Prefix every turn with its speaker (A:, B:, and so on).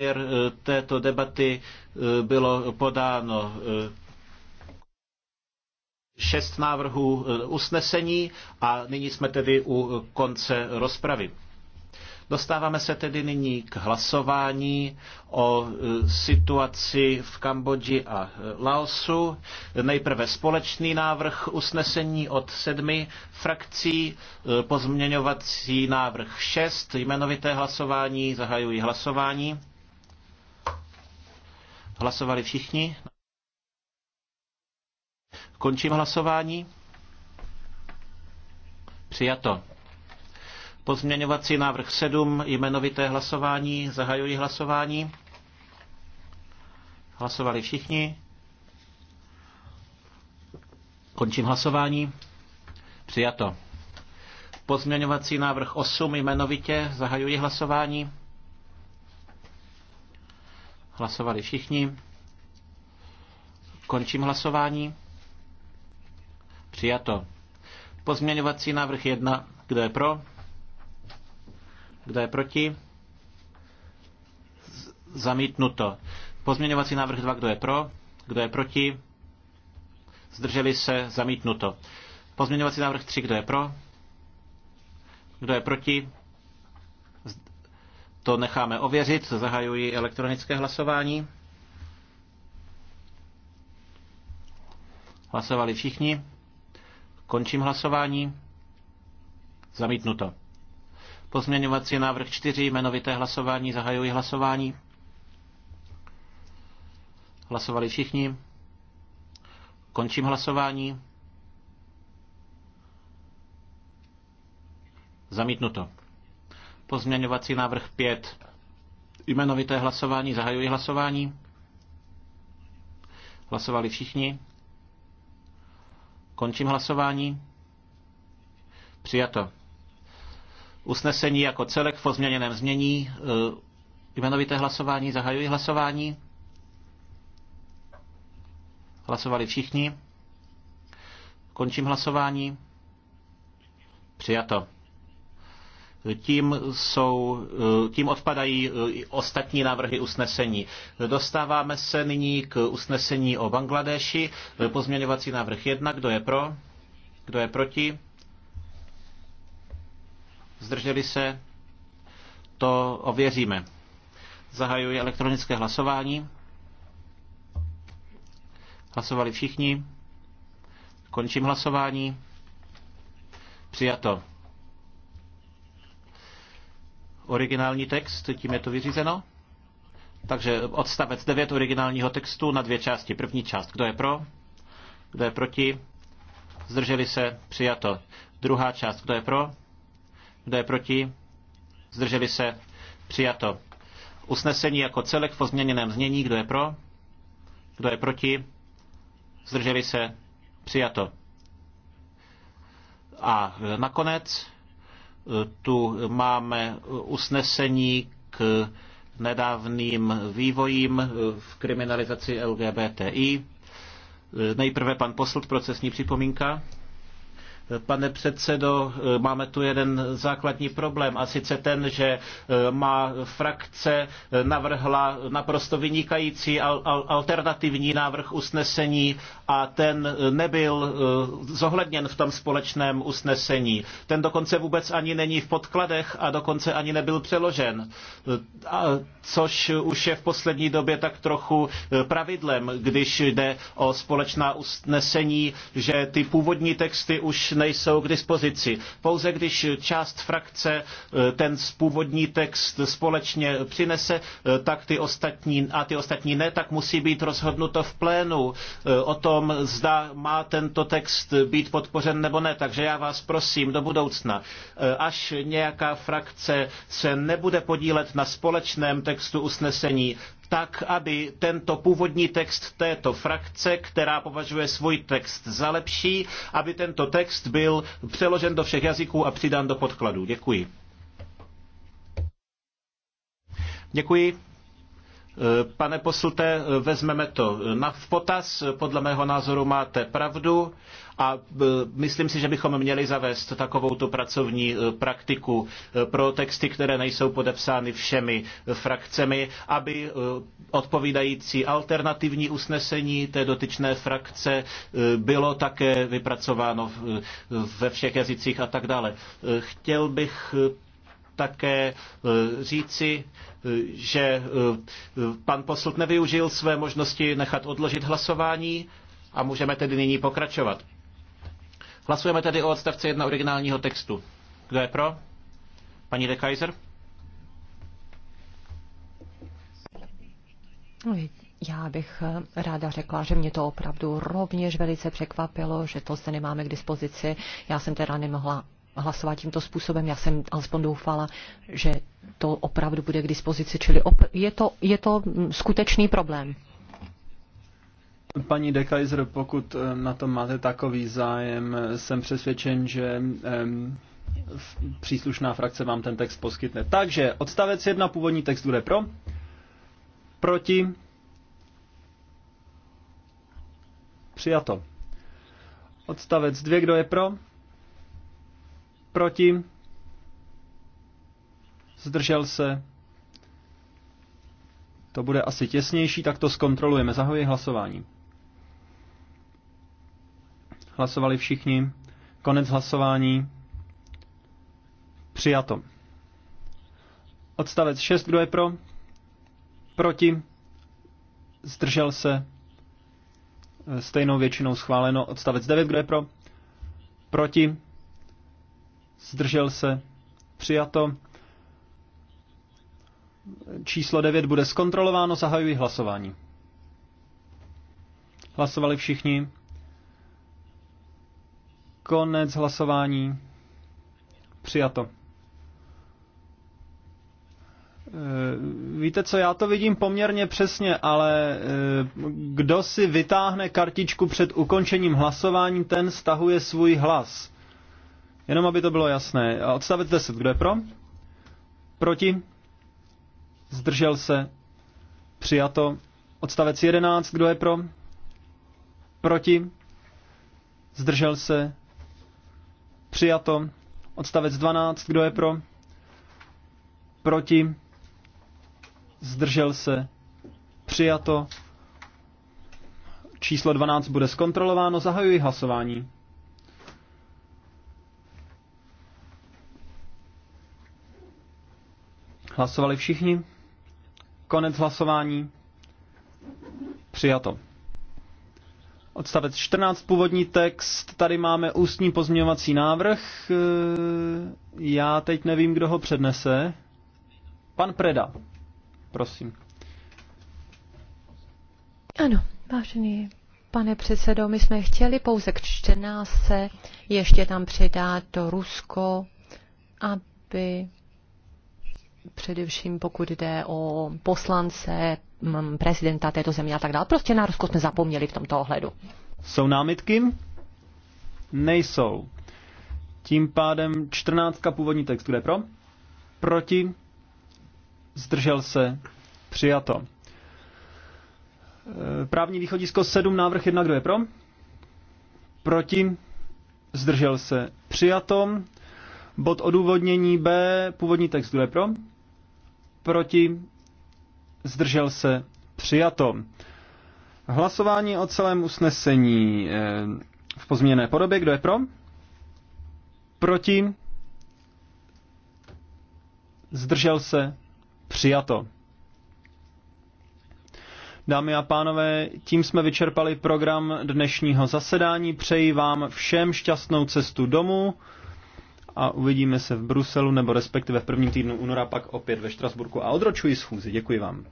A: závěr eh, této debaty eh, bylo podáno eh, šest návrhů usnesení a nyní jsme tedy u konce rozpravy. Dostáváme se tedy nyní k hlasování o situaci v Kambodži a Laosu. Nejprve společný návrh usnesení od sedmi frakcí, pozměňovací návrh šest jmenovité hlasování, zahajuji hlasování. Hlasovali všichni? Končím hlasování. Přijato. Pozměňovací návrh 7, jmenovité hlasování, zahajuji hlasování. Hlasovali všichni. Končím hlasování. Přijato. Pozměňovací návrh 8, jmenovitě, zahajuji hlasování. Hlasovali všichni. Končím hlasování. Přijato. Pozměňovací návrh 1. Kdo je pro? Kdo je proti? Zamítnuto. Pozměňovací návrh 2. Kdo je pro? Kdo je proti? Zdrželi se? Zamítnuto. Pozměňovací návrh 3. Kdo je pro? Kdo je proti? To necháme ověřit. Zahajuji elektronické hlasování. Hlasovali všichni. Končím hlasování. Zamítnuto. Pozměňovací návrh 4, jmenovité hlasování, zahajuji hlasování. Hlasovali všichni. Končím hlasování. Zamítnuto. Pozměňovací návrh 5. Jmenovité hlasování. Zahajuji hlasování. Hlasovali všichni. Končím hlasování. Přijato. Usnesení jako celek v pozměněném změní. Eh, jmenovité hlasování. Zahajuji hlasování. Hlasovali všichni. Končím hlasování. Přijato. Tím, jsou, eh, tím odpadají eh, ostatní návrhy usnesení. Dostáváme se nyní k usnesení o Bangladeši. Eh, pozměňovací návrh 1. Kdo je pro? Kdo je proti? Zdrželi se? To ověříme. Zahajuji elektronické hlasování. Hlasovali všichni. Končím hlasování. Přijato originální text, tím je to vyřízeno. Takže odstavec 9 originálního textu na dvě části. První část, kdo je pro, kdo je proti, zdrželi se, přijato. Druhá část, kdo je pro, kdo je proti, zdrželi se, přijato. Usnesení jako celek v pozměněném znění, kdo je pro, kdo je proti, zdrželi se, přijato. A nakonec tu máme usnesení k nedávným vývojím v kriminalizaci LGBTI. Nejprve pan poslat procesní připomínka. Pane předsedo, eh, máme tu jeden základní problém a sice ten, že eh, má frakce eh, navrhla naprosto vynikající alternativní návrh usnesení a ten nebyl zohledněn v tom společném usnesení. Ten dokonce vůbec ani není v podkladech a dokonce ani nebyl přeložen, což už je v poslední době tak trochu pravidlem, když jde o společná usnesení, že ty původní texty už nejsou k dispozici. Pouze když část frakce eh, ten původní text společně přinese, eh, tak ty ostatní a ty ostatní ne, tak musí být rozhodnuto v plénu eh, o tom, zda má tento text být podpořen nebo ne. Takže já vás prosím do budoucna, až nějaká frakce se nebude podílet na společném textu usnesení, tak, aby tento původní text této frakce, která považuje svůj text za lepší, aby tento text byl přeložen do všech jazyků a přidán do podkladu. Děkuji. Děkuji. Pane poslte, vezmeme to na v potaz. Podle mého názoru máte pravdu a e, myslím si, že bychom měli zavést takovou tu pracovní e, praktiku e, pro texty, které nejsou podepsány všemi frakcemi, aby odpovídající alternativní usnesení té dotyčné frakce bylo také vypracováno ve všech jazycích a tak dále. Chtěl bych také e, říci, e, že e, pan poslut nevyužil své možnosti nechat odložit hlasování a můžeme tedy nyní pokračovat. Hlasujeme tedy o odstavce jedna originálního textu. Kdo je pro? Paní de Kaiser? Já bych ráda řekla, že mě to opravdu rovněž velice překvapilo, že to se nemáme k dispozici. Já jsem teda nemohla hlasovat tímto způsobem. Já jsem alespoň doufala, že to opravdu bude k dispozici, čili je, to, je to skutečný problém.
B: Paní Dekajzer, pokud eh, na to máte takový zájem, eh, jsem přesvědčen, že příslušná frakce vám ten text poskytne. Takže odstavec 1, původní text bude pro, proti, přijato. Odstavec 2, kdo je pro? Proti? Zdržel se? To bude asi těsnější, tak to zkontrolujeme. Zahoji hlasování. Hlasovali všichni. Konec hlasování. Přijato. Odstavec 6, kdo je pro? Proti? Zdržel se? Stejnou většinou schváleno. Odstavec 9, kdo je pro? Proti? zdržel se, přijato. Číslo 9 bude zkontrolováno, zahajuji hlasování. Hlasovali všichni. Konec hlasování. Přijato. E, víte co, já to vidím poměrně přesně, ale e, kdo si vytáhne kartičku před ukončením hlasování, ten stahuje svůj hlas. Jenom aby to bylo jasné. Odstavec 10. Kdo je pro? Proti? Zdržel se? Přijato. Odstavec 11. Kdo je pro? Proti? Zdržel se? Přijato. Odstavec 12. Kdo je pro? Proti? Zdržel se? Přijato. Číslo 12 bude zkontrolováno. Zahajuji hlasování. Hlasovali všichni? Konec hlasování. Přijato. Odstavec 14, původní text. Tady máme ústní pozměňovací návrh. E, já teď nevím, kdo ho přednese. Pan Preda, prosím.
A: Ano, vážený pane předsedo, my jsme chtěli pouze k 14. ještě tam přidat to Rusko, aby především pokud jde o poslance, mm, prezidenta této země a tak dále. Prostě na Rusko jsme zapomněli v tomto ohledu.
B: Jsou námitky? Nejsou. Tím pádem 14. původní text, kde pro? Proti? Zdržel se? Přijato. E, právní východisko 7, návrh 1, kdo je pro? Proti? Zdržel se? Přijato. Bod odůvodnění B, původní text, kdo je pro? proti, zdržel se, přijato. Hlasování o celém usnesení eh, v pozměněné podobě, kdo je pro, proti, zdržel se, přijato. Dámy a pánové, tím jsme vyčerpali program dnešního zasedání. Přeji vám všem šťastnou cestu domů a uvidíme se v Bruselu, nebo respektive v prvním týdnu února, pak opět ve Štrasburku a odročuji schůzi. Děkuji vám.